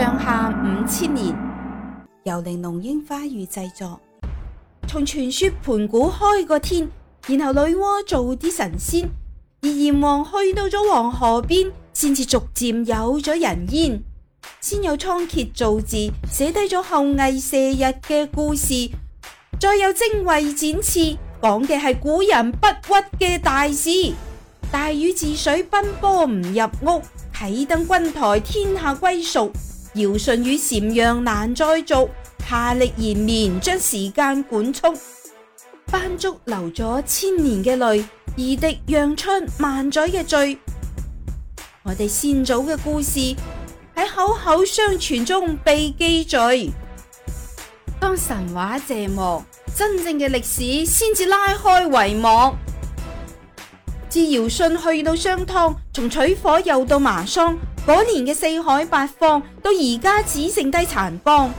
上下五千年，由玲瓏櫻花語製作。從傳說盤古開個天，然後女媧做啲神仙，而炎黃去到咗黃河邊，先至逐漸有咗人煙，先有倉頡造字，寫低咗後羿射日嘅故事，再有精衛展翅，講嘅係古人不屈嘅大事。大禹治水奔波唔入屋，啟登君台天下歸屬。堯舜與禪讓難再續，下力延綿將時間管束。班竹流咗千年嘅淚，夷狄讓出萬載嘅罪。我哋先祖嘅故事喺口口相傳中被記載，當神話謝幕，真正嘅歷史先至拉開帷幕。自堯舜去到商湯，從取火又到麻桑。嗰年嘅四海八方到而家只剩低殘邦。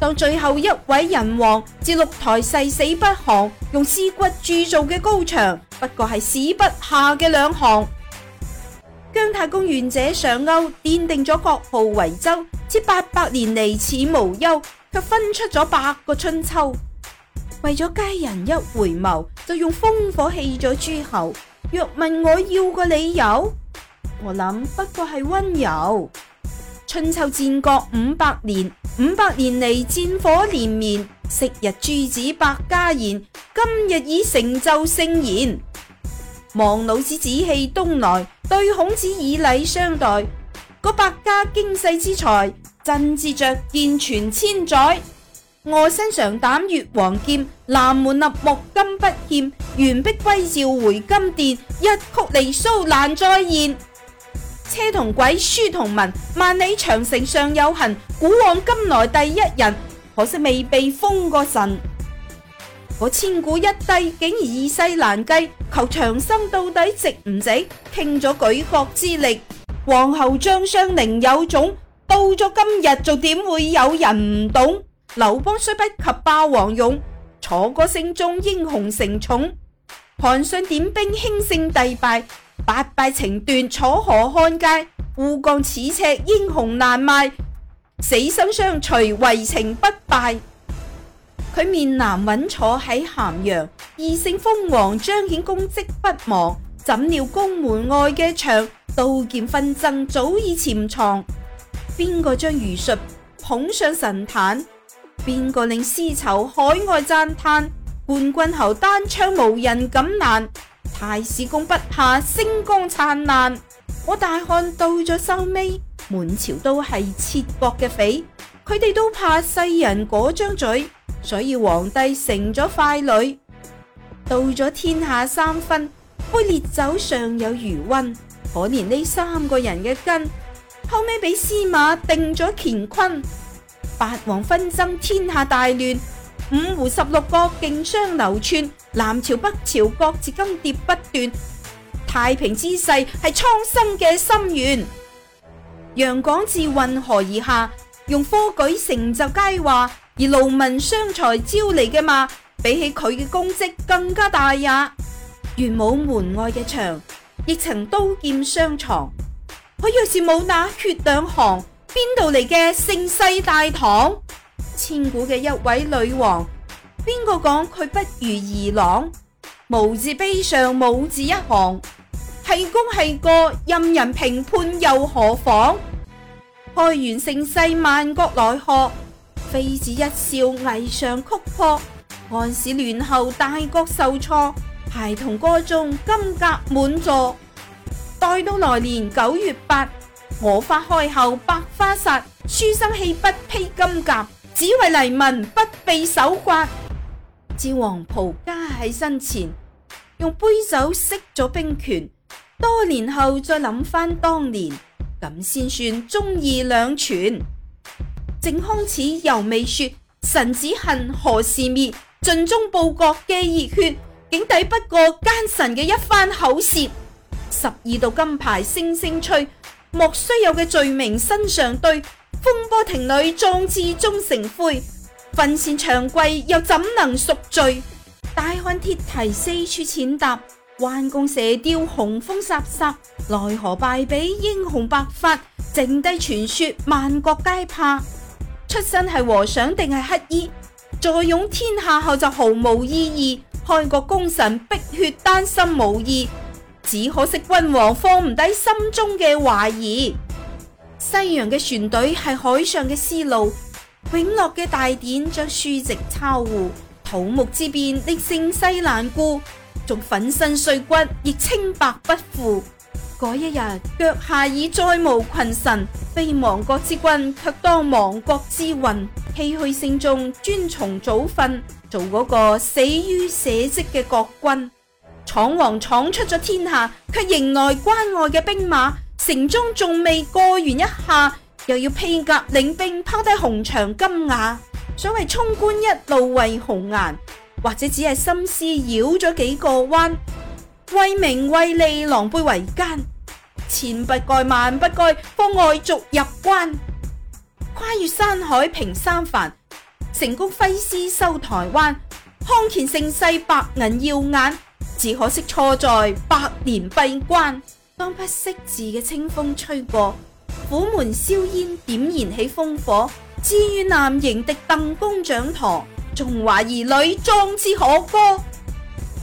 到最後一位人王至六台誓死不降，用屍骨鑄造嘅高牆，不過係史筆下嘅兩行。姜太公願者上鈎，奠定咗國號為周，至八百年嚟此無憂，卻分出咗八個春秋。為咗佳人一回眸，就用烽火棄咗諸侯。若問我要個理由？我諗不過係溫柔。春秋戰國五百年，五百年嚟戰火連綿，昔日諸子百家言，今日已成就聖賢。望老子紫氣東來，對孔子以禮相待。個百家經世之才，振之著見全千載。我身嘗膽越王劍，南門立木金不欠，完璧歸趙回金殿，一曲離騷難再現。車同軌，書同文，萬里長城尚有痕。古往今來第一人，可惜未被封過神。我千古一帝，竟然以世難繼，求長生到底值唔值？傾咗舉國之力，王侯將相寧有種？到咗今日，仲點會有人唔懂？劉邦雖不及霸王勇，楚歌聲中英雄成冢。韓信點兵，輕勝帝敗。八拜情斷，楚河漢界，護降此尺，英雄難邁；死生相隨，為情不敗。佢面南穩坐喺咸陽，異姓封王彰顯功績不忘，怎料宮門外嘅場刀劍紛爭早已潛藏，邊個將儒術捧上神壇？邊個令絲綢海外讚嘆？冠軍侯單槍無人敢難？太史公不怕星光燦爛，我大漢到咗收尾，滿朝都係竊國嘅匪，佢哋都怕世人嗰張嘴，所以皇帝成咗傀儡。到咗天下三分，杯烈酒尚有餘溫，可憐呢三個人嘅根，後尾俾司馬定咗乾坤，八王紛爭，天下大亂。五湖十六國競相流竄，南朝北朝各自更迭不斷，太平之勢係蒼生嘅心願。楊廣自運河而下，用科舉成就佳話，而勞民傷財招嚟嘅嘛，比起佢嘅功績更加大也。玄武門外嘅牆，亦曾刀劍相藏，佢若是冇那血兩行，邊度嚟嘅盛世大唐？千古嘅一位女王，邊個講佢不如二郎？無字碑上無字一行，係功係過任人評判又何妨？開元盛世萬國來賀，妃子一笑霓裳曲破，安史亂後大國受挫，孩童歌中金甲滿座。待到來年九月八，我花開後百花殺，書生氣不披金甲。只為黎民不被搜刮，趙皇袍加喺身前，用杯酒熄咗兵權，多年後再諗翻當年，咁先算忠義兩全。靖康恥猶未雪，臣子恨何時滅？盡忠報國嘅熱血，竟抵不過奸臣嘅一番口舌。十二道金牌聲聲催，莫須有嘅罪名身上堆。風波亭裏壯志終成灰，墳前長跪又怎能贖罪？大漢鐵蹄四處踐踏，彎弓射雕雄風颯颯，奈何敗比英雄白髮，剩低傳說萬國皆怕。出身係和尚定係乞衣，坐擁天下後就毫無意義，開國功臣，碧血丹心無義，只可惜君王放唔低心中嘅懷疑。西洋嘅船隊係海上嘅絲路，永樂嘅大典將書籍抄護，土木之變力勝西蘭孤，仲粉身碎骨亦清白不負。嗰一日腳下已再無群臣，非亡國之君卻當亡國之運，唏噓聲中遵從祖訓，做嗰個死於社稷嘅國君。闖王闖出咗天下，卻迎來關外嘅兵馬。城中仲未過完一下，又要披甲領兵拋，拋低紅牆金瓦，所謂衝冠一路為紅顏，或者只係心思繞咗幾個彎，為名為利狼狽為奸，千不該萬不該放外族入關，跨越山海平三藩，成功揮師收台灣，康乾盛世白銀耀眼，只可惜錯在百年閉關。當不識字嘅清風吹過，虎門硝煙點燃起烽火，至於南營的鄧公掌舵，中華兒女壯志可歌。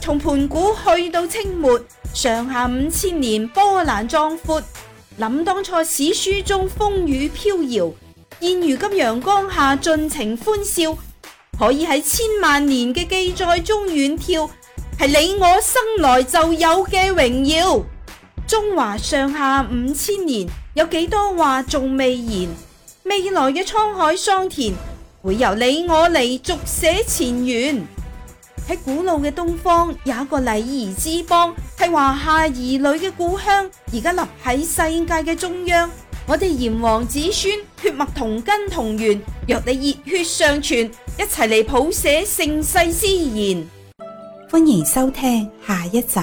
從盤古去到清末，上下五千年波瀾壯闊。諗當初史書中風雨飄搖，現如今陽光下盡情歡笑，可以喺千萬年嘅記載中遠眺，係你我生來就有嘅榮耀。中華上下五千年，有幾多話仲未言？未來嘅滄海桑田，會由你我嚟續寫前緣。喺古老嘅東方，有一個禮儀之邦，係華夏兒女嘅故鄉。而家立喺世界嘅中央，我哋炎黃子孫血脈同根同源。若你熱血尚存，一齊嚟譜寫盛世之言。歡迎收聽下一集。